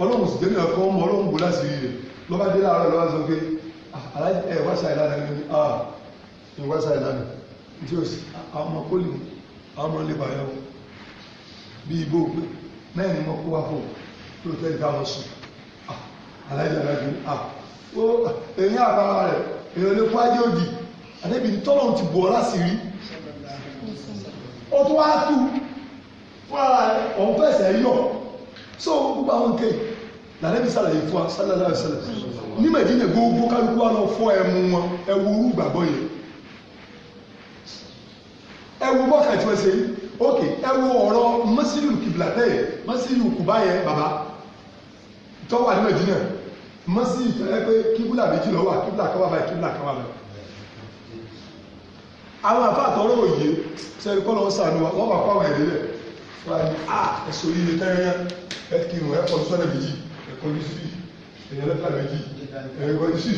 ọlọ́run sì dénú ẹ̀kọ́ ọmọ ọlọ́run bò láti rí rẹ̀ lọ́ba dé láàárọ̀ lọ́wọ́ sọ pé ah, ẹ̀ wá ṣàìlànà ní wáṣà ìlànà tí ó sì àwọn ọmọ pólì àwọn ọmọ lè bàyọ̀ bí igbó pé mẹ́rin mọ́ kó wá fò tó tẹ́lẹ̀ táwọn sùn aláìsàlájú ó èyí àbára rẹ̀ èyí olè fún ajé òdì àdébì tọ́lọ̀ ti bọ̀ láti rí ó tó wá tú fúnra rẹ̀ ọ̀hún fẹ̀sẹ̀ yọ̀ so gbogbo àwọn nǹkan làdébì sàlàyé fún wa sálàlá ìṣẹ̀lẹ̀ ní mẹ̀dínà gbogbo kálukú wa lọ fọ́ ẹmu wọn ẹwu gbàgbọ́ yìí ẹwu mọ́kà tí wọ́n ṣe yìí ok ẹwu ọ̀rọ̀ mọ́sílù kìbìlà tẹ́yẹ mọ́sílù kùbá yẹn bàbá tọ́wà ní Mẹ́dínà mọ́sílù tẹ́lẹ̀ pé kíbùlà méjì lọ wà kíbùlà kan wà báyìí kíbùlà kan wà báyìí àwọn àfáàtọ̀ ọ̀rọ̀ òye sẹ́rí kọ́ lọ sànú wa wọ́n bá kọ́ àwọn ẹ̀rí rẹ̀ wà ní à ẹ̀sọ́ yìí ní tẹ́rẹ́yà ẹ̀kìrùn ẹ̀kọ́ sọ́nà méjì ẹ̀kọ́ ní sí ẹ̀yẹ lẹ́tà méjì ẹ̀kọ́ ní sí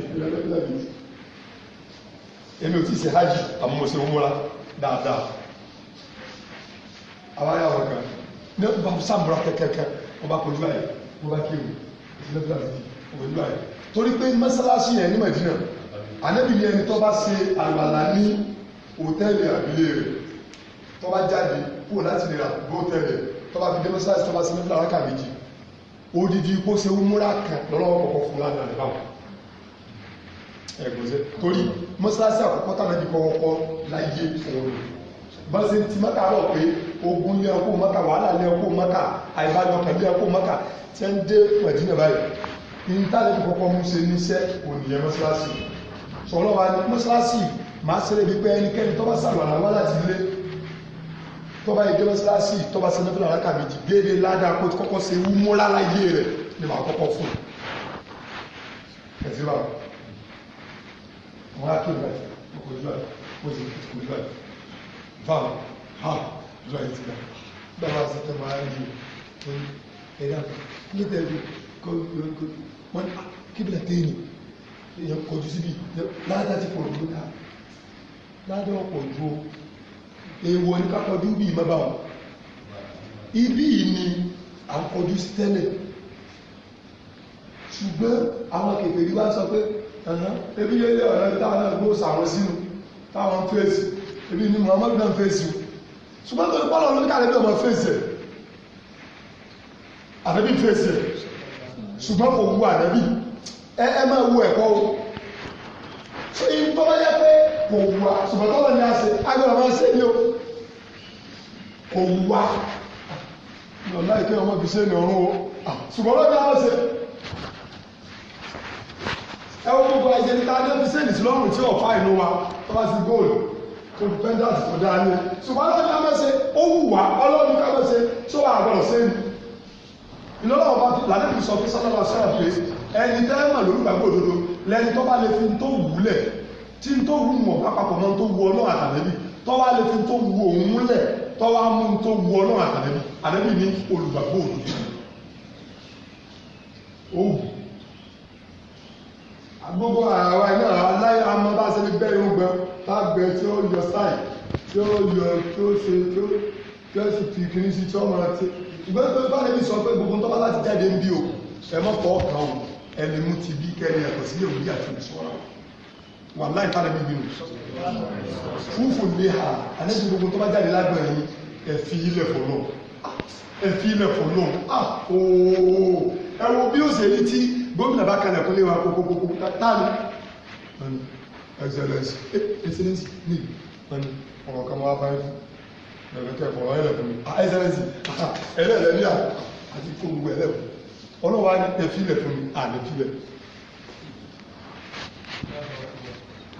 ẹ̀yẹ lẹ́tà méjì èmi ò tí ì ṣe hajj àmọ́ mo ṣe ń múra dáadáa àwọn ayáwó kan ní ọba sàmúra kẹkẹkẹ ọba kojú àyè ọba kéwù ìfúnlẹ́fúnlẹ́ ọba ojú àyè torí pé mọ́sálásí yẹn ní mẹ̀dínà ànábì ní ẹni tó bá ṣe àlùwàlà ní hòtẹ́ẹ̀lì àbílẹ̀ rẹ̀ tó bá jáde kúrò láti lè ra hòtẹ́ẹ̀lì tó bá fi dé mọ́sálásí tó bá ṣe mẹ́fúnlẹ́ alákàmẹ́jì odidi kó ṣe ń múra kan lọ́wọ́ kọ̀ọ̀kan fún lánàá ẹ̀gbọ́nsẹ̀ torí mọ́sálásí àkọ́kọ́ tánà jí kọ́kọ́ láyé òun bọ́sẹ̀ ti mọ́ta rọ̀ pé ogun lé ọkọ̀ mọ́ta wàhálà lé ọkọ̀ mọ́ta àìbájọ pẹ̀lú ọkọ̀ mọ́ta tí ń dé pẹ̀jìnà báyìí ní tánà jí kọ́kọ́ mú ṣe níṣẹ́ ònìyàn mọ́sálásí sọlọ́wà ní mọ́sálásí máa ṣẹlẹ̀ bí pé ẹnikẹ́ni tó bá sàlùwàlà wá láti ilé tó bá ìdé mọ́sálásí tó bá sẹ́ni fúnra láka méjì déédéé ládàá kó kọ́kọ́ ṣe wú mọ́lá láyé rẹ̀ ni màá kọ́kọ́ fún un wọn á kí right ọkọ̀ ojú àyè ó sì kí ọkọ̀ ojú àyè báwo ha ojú àyè ti gbà báwa sọ tó máa ń yí ẹ̀yà ní tẹ̀lé kó wọn ah, kí bìlà téèyàn èèyàn kọjú de láàdá ti pọ̀ lóta láàdá ọ̀pọ̀ ju ah, èèwọ̀ ní kákọjú bí ìmọ̀ bá wọn ibi ni à ń kọjú sí tẹ́lẹ̀ ṣùgbọ́n àwọn kèfèrí wá ebi yé ilé ọ̀rẹ́ tá a náà gbó sàwọn sínú táwọn fèsì ebi ni Muhammadu náà fèsì o ṣùgbọ́n tó ní pọ́lọ̀ ló ní káàdé bí ọmọ fèsì ẹ̀ àdébí fèsì ẹ̀ ṣùgbọ́n kò wu àdébí ẹ ẹ máa wu ẹ̀kọ́ o ṣé ìtọ́lá yẹ pé kò wu wa ṣùgbọ́n tọ́lọ̀ ní àṣẹ agbára máa ṣe ní o kò wu a lọ́la ìkẹ́ ọmọ fi ṣe ní ọ̀run o ṣùgbọ́n lọ́jọ́ àṣẹ ẹ wọ́n gbogbo ẹ̀yẹ níta lẹ́bi sẹ́yìn sí lọ́rùn tí ọ̀fà ìlú wa tó bá ti góòlù tó pendant tó dáa ní ṣùgbọ́n ọlọ́run ká mẹ́sẹ̀ ó wù wá ọlọ́run ká mẹ́sẹ̀ tó wà àgbọ̀rọ̀ sẹ́yìn ìlọ́wọ́ bá ti lànà ìsọ fún sọ́lọ́wọ́ sọ́rọ̀ pé ẹni tẹ́ẹ̀mà lórúkàgbò òdodo lẹ́ni tó bá lè fi tó wùlẹ̀ tí tó wù mọ̀ pápapọ̀ mọ́ tó wù ọlọ́ àtàlẹ́bí tó wá lè fi tó wù òun lẹ̀ tó wá mú tó wù ọlọ́ àtàlẹ́bí àlẹ́bí ní olùgbàgbò òdodo gbogbo àwa náà aláì àmọ́ bá ṣe lè bẹ́ẹ̀ oúnjẹ bá gbẹ tí ó yọ sáì tí ó yọ tí ó ṣe tí ó tí ó sì fi kiri sí tí ó máa ṣe ìgbẹ́ tó bá lẹ́bi sọ pé gbogbo tọ́ba láti jáde ń bí o ẹ mọ́ fọ́ ọkàn o ẹ mú ti bí kẹ́ni ẹ̀kọ́ sí èwúrí àti ìṣọ́ra wà láì tá lẹ́bi bínú fúfù lè hà àlẹ́bi gbogbo tọ́ba jáde lágbọ̀ ẹ̀yìn ẹ ilẹ̀ fọ́ lọ ẹ ilẹ̀ fọ́ lọ gómìnà bá kalẹ̀ kún lé wa kókókókó táàlù ẹni excellence eh, excellence ní ẹni ọ̀rọ̀ kan máa bá yín lẹ́gbẹ̀tẹ̀ ọ̀rọ̀ ẹlẹ́kùn mi ah excellence ẹlẹ́lẹ́ ní à àti fún gbogbo ẹlẹ́kùn ọlọ́wà ẹ̀fílẹ̀ fún mi à lẹ́fílẹ̀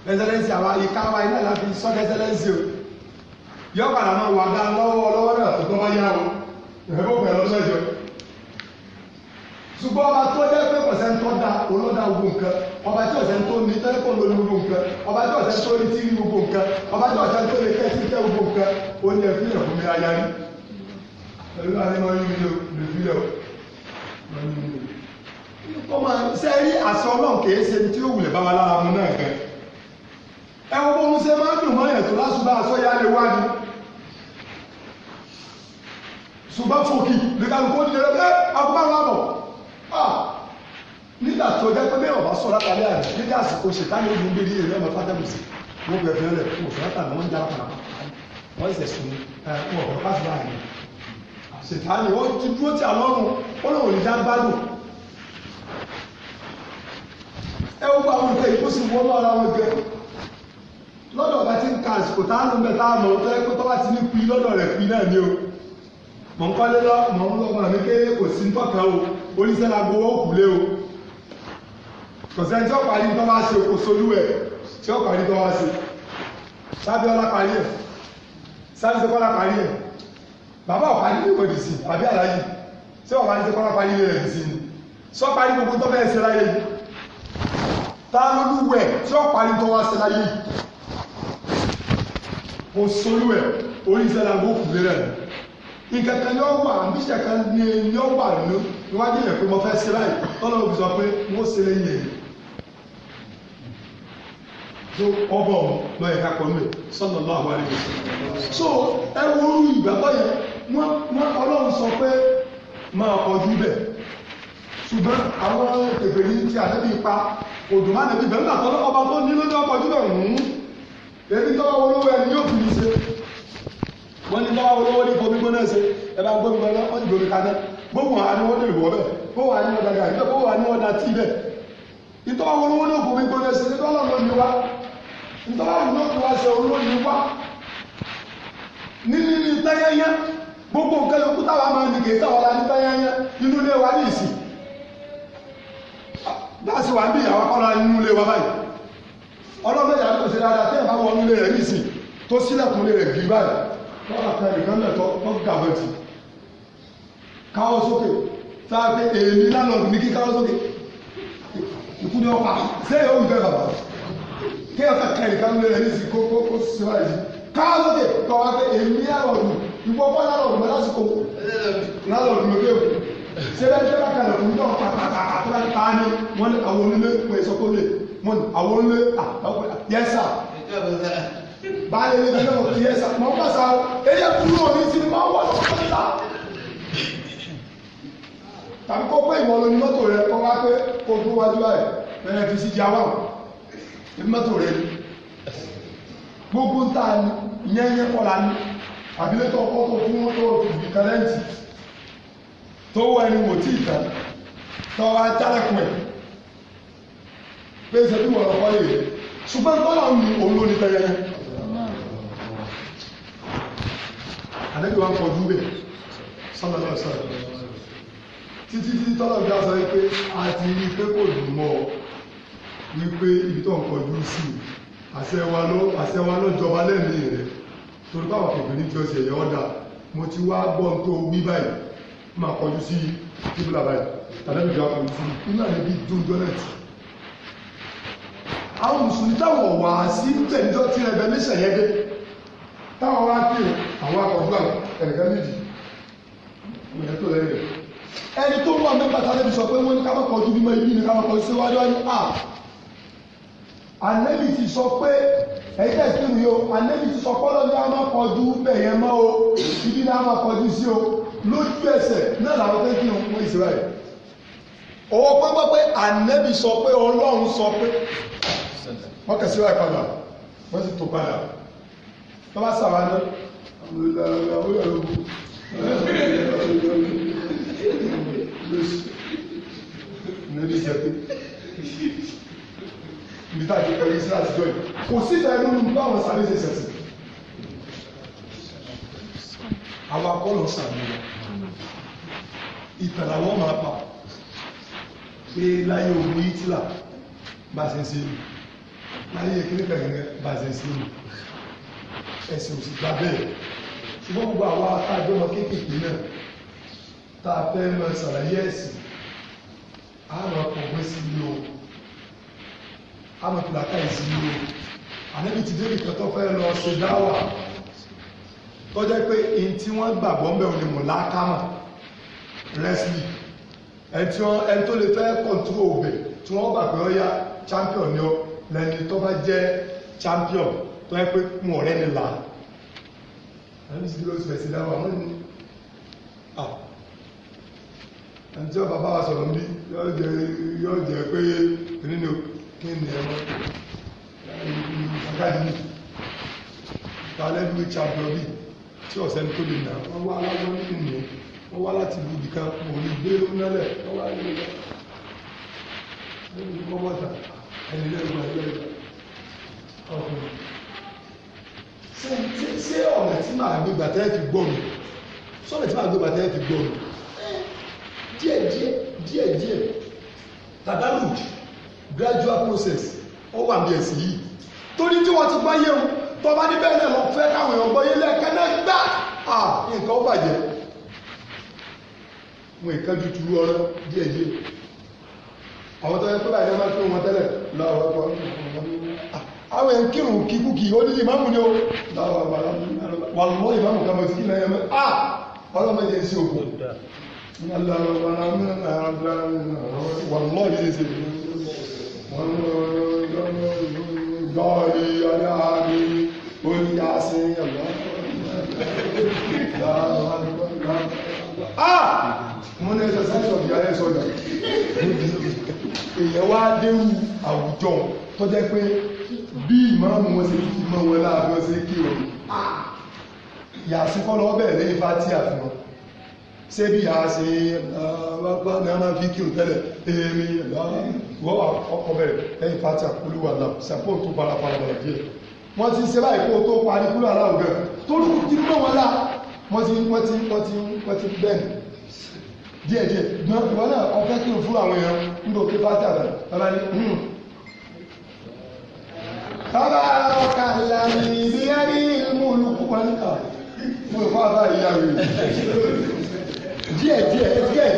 excellence àwa ìka wa iná láti sọ́kẹ́ excellence o yọ padà máa wà dá lọ́wọ́ lọ́wọ́ náà tó ṣùgbọ́n ọba tó jẹ́ pé kò sẹ́ni tó da olóda gbogbo nǹkan ọba tí ọ̀sẹ̀ tó ní tẹ́lifọ̀n lórí gbogbo nǹkan ọba tí ọ̀sẹ̀ tó ní tíì gbogbo nǹkan ọba tí ọ̀sẹ̀ tó lè kẹ́sí tẹ́ gbogbo nǹkan ó ní ẹ̀fí yẹn fún mi láyá rí pẹ̀lú àríwá yìí ló lè fi yẹ o. ọmọ sẹ́rí àṣọ náà kìí ṣe tí ó wulẹ̀ bá wa lára mu náà gan. ẹ wo bó ń ṣe máa ń dùn mọ́ yẹn tó lásùbà aṣọ yá nígbà tó jẹ́ pé bẹ́ẹ̀ ọ̀bá sọ látàrí àrẹ nígbà àsìkò ṣètánì ogun gbé ní ìrẹ́mọ̀ fátẹ́bùsì wọ́n gbẹ fẹ́ rẹ̀ fún òṣèlú àtàwọn wọ́n ń jára pàrọ̀ wọ́n ṣẹ̀ sùn wọn ọ̀rọ̀ káfíńà rẹ̀ ṣètánì wọ́n ti dúró ti àlọ́run ó lóun ní já gbádùn ẹ ó gba àwọn nǹkan ìkó sì wọ́n lọ́ra wọn gẹ lọ́dọ̀ bá ti ń ka àsìkò táwọn mẹ́ta àmọ́ tó ẹ mọ̀ ń kọ́lé lọ mọ̀ ń lọ́gbọ̀n mi pé kò sí tọ́ka o oníṣẹ́ la gbowó òkúlé o kọ̀sẹ́ tí ó parí tó bá ṣe kò solú ẹ̀ tí ó parí tó bá ṣe sábẹ́ ọlá parí ẹ̀ sábẹ́ ṣe kọ́lá parí ẹ̀ bàbá ọ̀pá ní ìwé dì sí àbí àlàyé tí ọ̀pá ní ṣe kọ́lá parí ẹ̀ dì sí ni sọ parí gbogbo tó bẹ́ẹ̀ ṣe láyé tá lólúwẹ̀ tí ó parí tó wá ṣe láyé kò solú ẹ̀ oníṣẹ́ la gbowó òkúlé rẹ̀ nǹkan kan yóò wà níṣẹ́ kan ní yóò wà nínú níwájú yẹn pé mo fẹ́ ṣe báyìí ọlọ́run fi sọ pé n ó ṣe lè yẹ tó ọbọ̀ lọ yẹ ká pọ̀ mẹ́ sọ́nà lọ́wọ́ àwọn àlejò so ẹ wúrú ìgbàgbọ́ yẹn wọ́n ọlọ́run sọ pé máa kọjú bẹ̀ ṣùgbọ́n àwọn èbèrè ti àdébí ipa òdùmánà bíbẹ̀ nígbà tó ọba tó ní lójú ọkọ̀ jùlọ ń ebi tọ́wọ́ olówó ẹni yóò fi ní ṣe wọ́n ní báwa olówó ní bomi gbóná ṣe ẹ bá gbómi gbóná wọ́n ti bomi kaná gbóhùn wa ni wọ́n dé ìwọ́ bẹ́ẹ̀ gbóhùn wa ni wọ́n dàgbà níbẹ̀ gbóhùn wa ni wọ́n da tí bẹ́ẹ̀ ìtọ́wọ́ olówó ní bomi gbóná ṣe ní báwa ló ní wa ìtọ́wọ́ olówó ní wa ṣe olówó ní wa nínú ní tẹ́yẹ́yẹ́ gbogbo nǹkan yòókù táwa máa nìgè táwa la ní tẹ́yẹ́yẹ́ inú ilé wa ní ìsìn dáàsì wa ń bí ìyàwó kọ́ra inú ilé wa báyìí ọlọ́mọdé àti òṣèlú adájọ́ ìbáwọ̀ inú ilé rẹ̀ ní ìsìn tó sílẹ̀kùn ilé rẹ̀ tọ́ka tẹ nìkan lẹ̀ tọ́ gàbẹ̀tì káwọ́ sókè sáà pé èmi lánàá ní kí káwọ́ sókè ikú ni ọ̀pá sẹ́yìn ó ń bẹ́ bàbá kí ọ̀ka tẹ nìkan lẹ̀ ní sí kókó kó síra yìí káwọ́ sókè tọ́ka tẹ èmi lánàá ní ìwọ bọ́ lánàá ní lásìkò lánàá ní lókè òkú sẹ́yìn ẹgbẹ́ bá kalẹ̀ fún tá pàtàkàtà ni wọ́n ní àwọn onílé pẹ̀ sọ́kólé wọ́n ní àwọn onílé ah, à yẹ́sà. baálé ilé bẹ́ẹ̀ náà kìí ẹ̀sà mọ́ pàṣà o eyé kúrò ní ti máa wọ̀ lọ́sọ̀tà tàbí kó pé ìwọ lóní mọ́tò rẹ kọ́ wá pé kó tó wájú báyìí bẹ̀rẹ̀ fi sí di awá gbogbo ta la tó fún wọn tó fi tó wọ ẹni wò tí ì tó pé lọ́kọ́ ànábì wa kọjú bẹ̀ sọ́lọ́lá sọ́lọ́ títí tí tọ́lọ̀ bí a sọ pé a ti rí pé kò dùn mọ́ ọ wípé ibi tó ń kọjú sí àṣẹ wa ló jọba lẹ́ẹ̀mí rẹ̀ torí báwọn kòkòrò ní jọ́sẹ̀ ẹ̀yọ́ ọ̀dà mo ti wá gbọ́ tó wí báyìí máa kọjú sí kíbùlà báyìí tàbí ìgbà kọjú sí nígbà níbi dùn jọ́nẹ̀tì àwọn mùsùlùmí táwọn wà sí tẹ̀jọ́ tí ẹgbẹ́ mẹ́sàn-án yẹn dé táwọn wá kí àwọn akọ̀gbà ẹ̀rẹ̀kẹ́ nídìí ìyẹn tó lẹ́yìn rẹ̀. ẹni tó wà mẹ́ta sáré sọ pé wọ́n ní káwọn kọjú bímọ ibi ní káwọn kọjú síwájú wájú à anẹ́bí ti sọ pé ẹ̀jẹ̀ kí ni o anẹ́bí ti sọ pọ́lọ́ ní a máa kọjú bẹ́ẹ̀ yẹn mọ́ o ibi ní a máa kọjú sí o lójú ẹsẹ̀ náà làwọn fẹ́ kí wọ́n ìsirà yìí. owó pẹ́pẹ́ pé anẹ́bí sọ pé ọlọ́run sọ pé wọ́n kẹ̀ síwájú padà wọ́n sì tó padà tó bá sàwá lọ ibi tá a ti pẹ̀lú sí àtijọ́ yìí kò sí ìta ẹnu nínú báwọn sáré ṣe ṣẹ̀ṣẹ̀ àwọn akọ́lọ̀ sàmì lọ ìtàn làwọn máa pa pé láyé ogun Hitler bá ṣe ń ṣe láyé kíníkà gẹ́gẹ́ bá ṣe ń ṣe nù ẹ̀sìn òsì gbà bẹ́ẹ̀ ṣùgbọ́n gbogbo àwa àtàjọ́ ọmọ kéékèèké náà tá a fẹ́ máa ṣàlàyé ẹ̀sìn a máa pọ̀ gbé sí ilé o a máa pìlà ká ìsìn ilé o àníbi ti dé nìkan tó fẹ́ lọ ṣe dáwà tó jẹ́ pé èyí tí wọ́n gbàgbọ́ ń bẹ̀ ò ní mọ̀ lákàmà wrestling ẹtí wọn ẹni tó lè fẹ́ kọ̀ntúrò òbẹ̀ tí wọ́n gbà yá champion ni ó lẹ́ni tó bá jẹ́ champion tó yẹ pé mo ọ̀rẹ́ ni là àwọn ìṣèlú oṣù ẹ̀sìn dáwọ́ àwọn ní à àti ọba bá wa jẹ yóò jẹ pé nínú kí ni ẹ̀rọ ìgbàgbá yìí tí ọ̀sẹ̀ ní tó lè wọ́n wá aláwọ̀ nínú wọ́n wá láti mo gbé wọ́n wá ẹni ọkùnrin. ṣé ọ̀nà tí màá gbé gbàtẹ́ fi gbọ́ mi sọ́nà tí màá gbé gbàtẹ́ fi gbọ́ mi díẹ̀ díẹ̀ díẹ̀ díẹ̀ tadarus gradual process ó wà ní ẹ̀sìn yìí torí tí wọ́n ti gbọ́ yé o tó bá ní bẹ́ẹ̀ náà lọ fẹ́ káwọn èèyàn gbọ́ yé lẹ́ẹ̀kan náà gbá nǹkan ó bàjẹ́ wọn ìkan ju turu ọ̀rọ̀ díẹ̀ díẹ̀ àwọn tó yẹ kó báyìí wọ́n máa fi wọn tẹ́lẹ̀ lọ́wọ́ ọ̀pọ̀ àwọn èèyàn kírun kíkúkì ó nílé ìmáàmù ni ó wà lọ́wọ́ ìmáàmù kan mọ̀ sí ilẹ̀ ẹ̀mẹ́ à ọlọ́mọdé sí òkú wà lọ́wọ́ ìdí sí gọ́ọ̀lì aláàbí oníyàsìn ẹ̀lọ́ ah mo ní ẹsẹ̀ sáyẹ̀sọ̀ ìyá ẹ̀ sọ̀dọ̀ èèyàn wá dérú àwùjọ tó jẹ́ pé bí ìmáàmù wọn ṣe kí mọ́ wọn láàbí wọn ṣe kí wọn yàtí kọ́ lọ bẹ̀rẹ̀ ní fati àfihàn ṣé bí a ṣe wọ́n ní a máa fi kí o tẹ́lẹ̀ èmi wọ́n wà ọkọ̀ bẹ̀rẹ̀ lẹ́yìn fati àkúlùwà náà sàpò tó bára parabara díẹ̀ wọ́n ti ṣe báyìí kó tó parí kúrò aláwọ̀ gẹ̀ tó lù kí mọ́ wọn lá wọ́n ti wọ́n ti wọ́n ti wọ́n ti bẹ́ẹ̀ díẹ̀díẹ̀ ìwọ́n náà ọ̀fẹ́ kí o fún àwọn èèyàn ń bò kí fati àtàlẹ́ تبارك الذي بيده الملك والقهر mo fa bá ìyá mi díẹ̀ díẹ̀ díẹ̀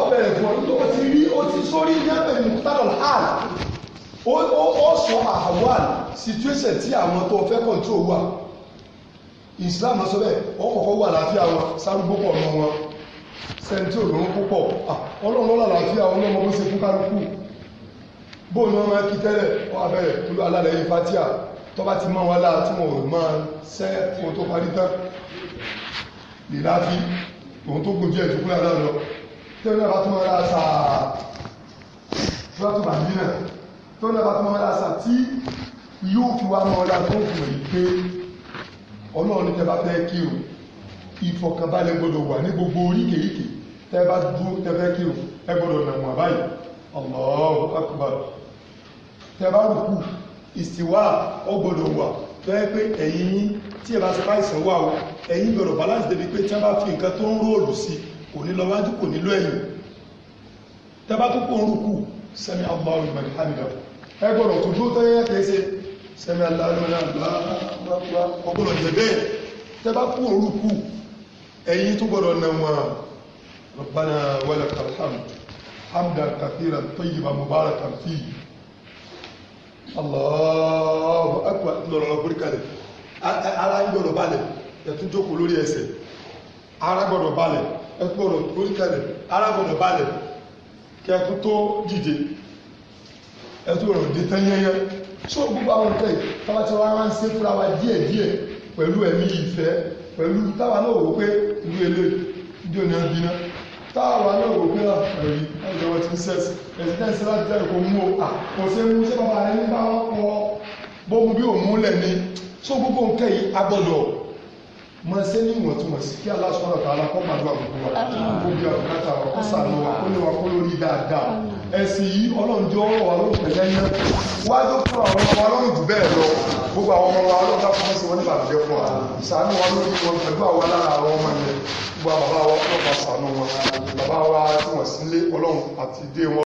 ọbẹ̀ ẹ̀fọ́ tó o ti rí o ti sórí yẹ́bẹ̀ mùtálọ̀ hàn ó sọ àwọn situation tí àwọn tó fẹ́ control wà Islam sọ bẹ́ẹ̀ ọkọ̀ọ̀kọ̀ wà láàfíà wọn sárúgbó pọ̀ lọ wọn sẹ́ńtì òdòdó púpọ̀ ọlọ́run lọ́la láàfíà wọn lọ́mọ bó ṣe fún kálukú bó ní wọ́n máa kí tẹ́lẹ̀ wọ́n abẹ́rẹ̀ pẹ̀lú alálẹ́yìn fatia tó bá ti mọ́ wọn láà tí wọ́n máa sẹ́ ohun tó parí tán lè láti ohun tó gùn díẹ̀ tó kúrò àdá lọ tẹ́lẹ̀ náà bá tún wọn láà sà lọ́tọ̀ bàbí náà tó náà bá tún wọn láà sà tí yóò fi wá mọ́ ọlá tó ń fò yìí pé ọlọ́run ní tẹ́bá fẹ́ kí o ìfọ̀kànbalẹ̀ gbọ́dọ̀ wà ní gbogbo oríkèríkè tẹ́bá dúró tẹ́fẹ́ kí o ẹ gbọ́dọ̀ nàmú àbáyé Allahu akbar tẹ́bá rùkú ìsìwá ó gbọ́dọ̀ wà tó yẹ pé ẹ̀yìn yín tí ẹ bá ti bá ìsàn wà o ẹ̀yìn gbọ́dọ̀ balance débi pé tí wọ́n bá fi nǹkan tó ń róòlù sí kò ní lọ wájú kò nílò ẹ̀yìn tẹ́bá tó kó ń rùkú sẹ́mi Allahu liman hamidah ẹ gbọ́dọ̀ tó dúró tó yẹ kẹsẹ̀ sẹ́mi Allahu liman hamidah ọgbọ́dọ̀ jẹ bẹ́ẹ̀ Allahu akbar lọ́rọ̀ lọ́gbọ́n kalẹ̀ ara ń gbọ́dọ̀ balẹ̀ ẹ̀tún jókòó lórí ẹsẹ̀ ara gbọ́dọ̀ balẹ̀ ẹ̀tún gbọ́dọ̀ lórí kalẹ̀ ara gbọ́dọ̀ balẹ̀ kẹ́kún tó dìde ẹ̀tún gbọ́dọ̀ dé tán yẹ́yẹ́ so gbogbo àwọn nǹkan yìí tí wọ́n á ń ṣe fúnra wa díẹ̀ díẹ̀ pẹ̀lú ẹ̀mí ìfẹ́ pẹ̀lú táwa náà wò pé ìlú eléyìí ìdí òní ọdún táàwà náà wò pé ẹ̀rí ah, ẹ̀jẹ̀ wọ́n ti ń sẹ́sì ẹ̀sìn náà ṣe láti tẹ́lẹ̀ mú o à ah, kò ṣe mú ṣé bàbá rẹ̀ ń bá wọn kọ́ bóun bí òun múlẹ̀ ni so gbogbo nǹkan yìí agbọ́dọ̀ mọ ṣe ní ìwọ̀ntúnwọ̀nsí kí aláṣọ́nà tààlà kọ́ pàdúrà gbogbo wa gbogbo àbùkátà wa kó sàánú wa kó lè wa kó lórí dáadáa ẹ̀sìn yìí ọlọ́njọ́ ọ̀rọ̀ wa ló pẹ̀lẹ́ ná wá tó fún àwọn ọmọ wa lọ́rùn jù bẹ́ẹ̀ lọ gbogbo àwọn ọmọ wa lọ́dà fún sí wọn nípa àbíjẹ́ fún wa sàánú wa lórí wọn pẹ̀lú àwa lára àwọn ọmọ yẹn gbogbo àbàbà wa ọlọ́pàá sàánú wọn